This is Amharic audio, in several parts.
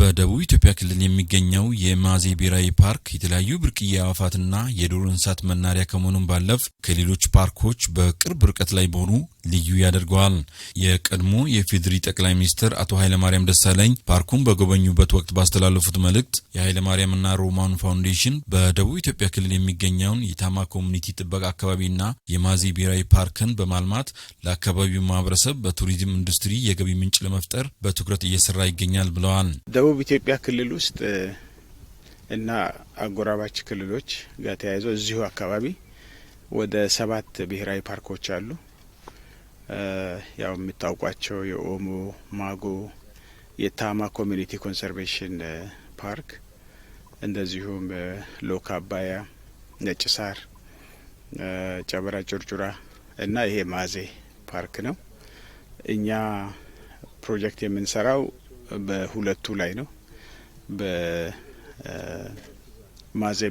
በደቡብ ኢትዮጵያ ክልል የሚገኘው የማዜ ብሔራዊ ፓርክ የተለያዩ ብርቅዬ አዕዋፋትና የዱር እንስሳት መናሪያ ከመሆኑም ባለፍ ከሌሎች ፓርኮች በቅርብ ርቀት ላይ መሆኑ ልዩ ያደርገዋል። የቀድሞ የፌዴሪ ጠቅላይ ሚኒስትር አቶ ኃይለማርያም ደሳለኝ ፓርኩን በጎበኙበት ወቅት ባስተላለፉት መልእክት የኃይለማርያምና ሮማን ፋውንዴሽን በደቡብ ኢትዮጵያ ክልል የሚገኘውን የታማ ኮሚኒቲ ጥበቃ አካባቢና የማዜ ብሔራዊ ፓርክን በማልማት ለአካባቢው ማህበረሰብ በቱሪዝም ኢንዱስትሪ የገቢ ምንጭ ለመፍጠር በትኩረት እየሰራ ይገኛል ብለዋል። ደቡብ ኢትዮጵያ ክልል ውስጥ እና አጎራባች ክልሎች ጋር ተያይዞ እዚሁ አካባቢ ወደ ሰባት ብሔራዊ ፓርኮች አሉ። ያው የምታውቋቸው የኦሞ ማጎ፣ የታማ ኮሚኒቲ ኮንሰርቬሽን ፓርክ እንደዚሁም ሎካ አባያ፣ ነጭ ሳር፣ ጨበራ ጩርጩራ እና ይሄ ማዜ ፓርክ ነው። እኛ ፕሮጀክት የምንሰራው በሁለቱ ላይ ነው በማዜ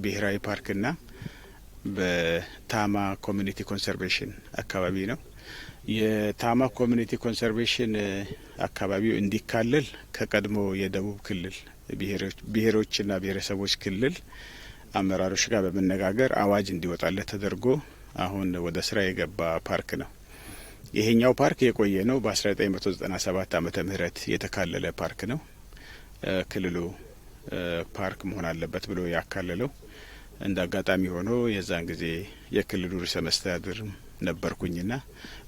ብሔራዊ ፓርክና በታማ ኮሚኒቲ ኮንሰርቬሽን አካባቢ ነው። የታማ ኮሚኒቲ ኮንሰርቬሽን አካባቢው እንዲካለል ከቀድሞ የደቡብ ክልል ብሔሮችና ብሔረሰቦች ክልል አመራሮች ጋር በመነጋገር አዋጅ እንዲወጣለት ተደርጎ አሁን ወደ ስራ የገባ ፓርክ ነው። ይሄኛው ፓርክ የቆየ ነው። በ1997 ዓመተ ምህረት የተካለለ ፓርክ ነው። ክልሉ ፓርክ መሆን አለበት ብሎ ያካለለው እንደ አጋጣሚ ሆኖ የዛን ጊዜ የክልሉ ርዕሰ መስተዳድር ነበርኩኝና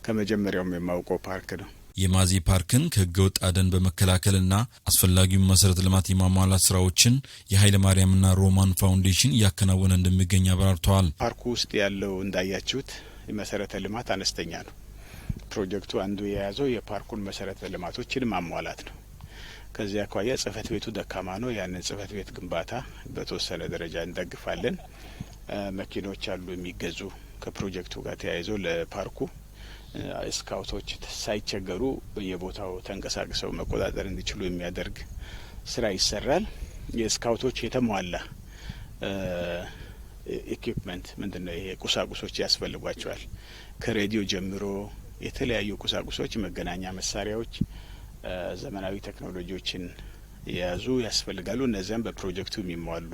ከመጀመሪያውም የማውቀው ፓርክ ነው። የማዜ ፓርክን ከህገ ወጥ አደን በመከላከልና አስፈላጊውን መሰረተ ልማት የማሟላት ስራዎችን የኃይለ ማርያምና ሮማን ፋውንዴሽን እያከናወነ እንደሚገኝ አብራርተዋል። ፓርኩ ውስጥ ያለው እንዳያችሁት መሰረተ ልማት አነስተኛ ነው። ፕሮጀክቱ አንዱ የያዘው የፓርኩን መሰረተ ልማቶችን ማሟላት ነው። ከዚህ አኳያ ጽህፈት ቤቱ ደካማ ነው። ያንን ጽህፈት ቤት ግንባታ በተወሰነ ደረጃ እንደግፋለን። መኪኖች አሉ የሚገዙ ከፕሮጀክቱ ጋር ተያይዞ ለፓርኩ ስካውቶች ሳይቸገሩ በየቦታው ተንቀሳቅሰው መቆጣጠር እንዲችሉ የሚያደርግ ስራ ይሰራል። የስካውቶች የተሟላ ኢኩፕመንት ምንድነው? ይሄ ቁሳቁሶች ያስፈልጓቸዋል ከሬዲዮ ጀምሮ የተለያዩ ቁሳቁሶች፣ መገናኛ መሳሪያዎች፣ ዘመናዊ ቴክኖሎጂዎችን የያዙ ያስፈልጋሉ። እነዚያም በፕሮጀክቱ የሚሟሉ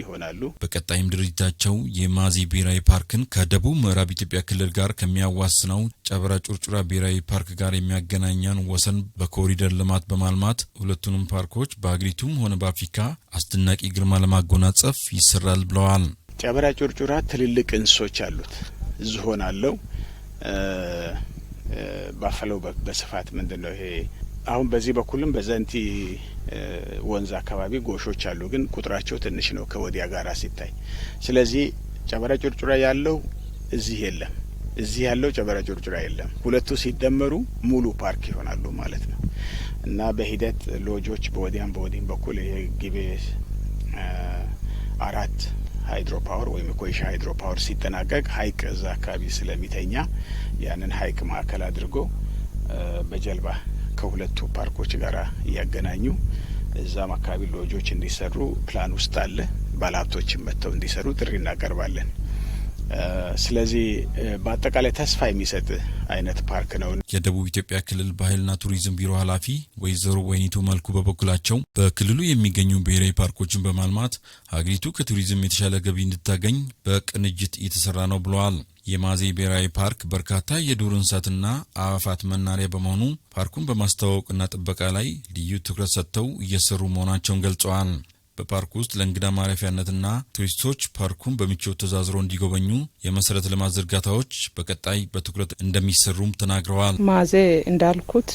ይሆናሉ። በቀጣይም ድርጅታቸው የማዚ ብሔራዊ ፓርክን ከደቡብ ምዕራብ ኢትዮጵያ ክልል ጋር ከሚያዋስነው ጨበራ ጩርጩራ ብሔራዊ ፓርክ ጋር የሚያገናኛን ወሰን በኮሪደር ልማት በማልማት ሁለቱንም ፓርኮች በአገሪቱም ሆነ በአፍሪካ አስደናቂ ግርማ ለማጎናጸፍ ይሰራል ብለዋል። ጨበራ ጩርጩራ ትልልቅ እንስሶች አሉት፣ ዝሆን አለው። ባፈለው በስፋት ምንድን ነው ይሄ አሁን በዚህ በኩልም በዘንቲ ወንዝ አካባቢ ጎሾች አሉ፣ ግን ቁጥራቸው ትንሽ ነው ከወዲያ ጋር ሲታይ። ስለዚህ ጨበራ ጩርጩራ ያለው እዚህ የለም፣ እዚህ ያለው ጨበራ ጩርጩራ የለም። ሁለቱ ሲደመሩ ሙሉ ፓርክ ይሆናሉ ማለት ነው እና በሂደት ሎጆች በወዲያም በወዲህም በኩል ይሄ ጊቤ አራት ሃይድሮ ፓወር ወይም ኮይሻ ሃይድሮ ፓወር ሲጠናቀቅ ሀይቅ እዛ አካባቢ ስለሚተኛ ያንን ሀይቅ ማዕከል አድርጎ በጀልባ ከሁለቱ ፓርኮች ጋር እያገናኙ እዛም አካባቢ ሎጆች እንዲሰሩ ፕላን ውስጥ አለ። ባለሀብቶችን መጥተው እንዲሰሩ ጥሪ እናቀርባለን። ስለዚህ በአጠቃላይ ተስፋ የሚሰጥ አይነት ፓርክ ነው። የደቡብ ኢትዮጵያ ክልል ባህልና ቱሪዝም ቢሮ ኃላፊ ወይዘሮ ወይኒቱ መልኩ በበኩላቸው በክልሉ የሚገኙ ብሔራዊ ፓርኮችን በማልማት ሀገሪቱ ከቱሪዝም የተሻለ ገቢ እንድታገኝ በቅንጅት እየተሰራ ነው ብለዋል። የማዜ ብሔራዊ ፓርክ በርካታ የዱር እንስሳትና አዕዋፋት መናሪያ በመሆኑ ፓርኩን በማስተዋወቅና ጥበቃ ላይ ልዩ ትኩረት ሰጥተው እየሰሩ መሆናቸውን ገልጸዋል። በፓርክ ውስጥ ለእንግዳ ማረፊያነትና ቱሪስቶች ፓርኩን በምቾት ተዛዝሮ እንዲጎበኙ የመሰረተ ልማት ዝርጋታዎች በቀጣይ በትኩረት እንደሚሰሩም ተናግረዋል። ማዜ እንዳልኩት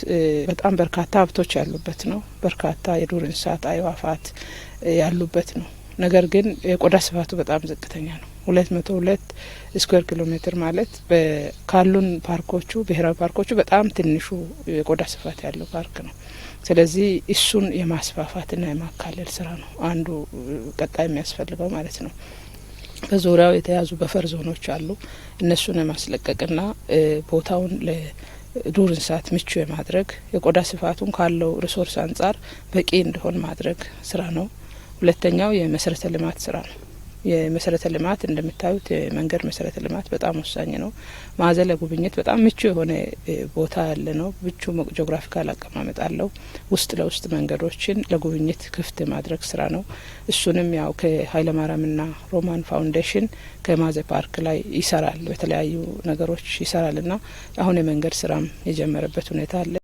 በጣም በርካታ ሀብቶች ያሉበት ነው። በርካታ የዱር እንስሳት፣ አዕዋፋት ያሉበት ነው። ነገር ግን የቆዳ ስፋቱ በጣም ዝቅተኛ ነው። ሁለት መቶ ሁለት ስኩዌር ኪሎ ሜትር ማለት ካሉን ፓርኮቹ ብሔራዊ ፓርኮቹ በጣም ትንሹ የቆዳ ስፋት ያለው ፓርክ ነው። ስለዚህ እሱን የማስፋፋትና የማካለል ስራ ነው አንዱ ቀጣይ የሚያስፈልገው ማለት ነው። በዙሪያው የተያዙ በፈር ዞኖች አሉ። እነሱን የማስለቀቅና ቦታውን ለዱር እንስሳት ምቹ የማድረግ የቆዳ ስፋቱን ካለው ሪሶርስ አንጻር በቂ እንዲሆን ማድረግ ስራ ነው። ሁለተኛው የመሰረተ ልማት ስራ ነው። የመሰረተ ልማት እንደምታዩት መንገድ መሰረተ ልማት በጣም ወሳኝ ነው። ማዘ ለጉብኝት በጣም ምቹ የሆነ ቦታ ያለ ነው። ምቹ ጂኦግራፊካል አቀማመጥ አለው። ውስጥ ለውስጥ መንገዶችን ለጉብኝት ክፍት ማድረግ ስራ ነው። እሱንም ያው ና ሮማን ፋውንዴሽን ከማዘ ፓርክ ላይ ይሰራል፣ በተለያዩ ነገሮች ይሰራል እና አሁን የመንገድ ስራም የጀመረበት ሁኔታ አለ።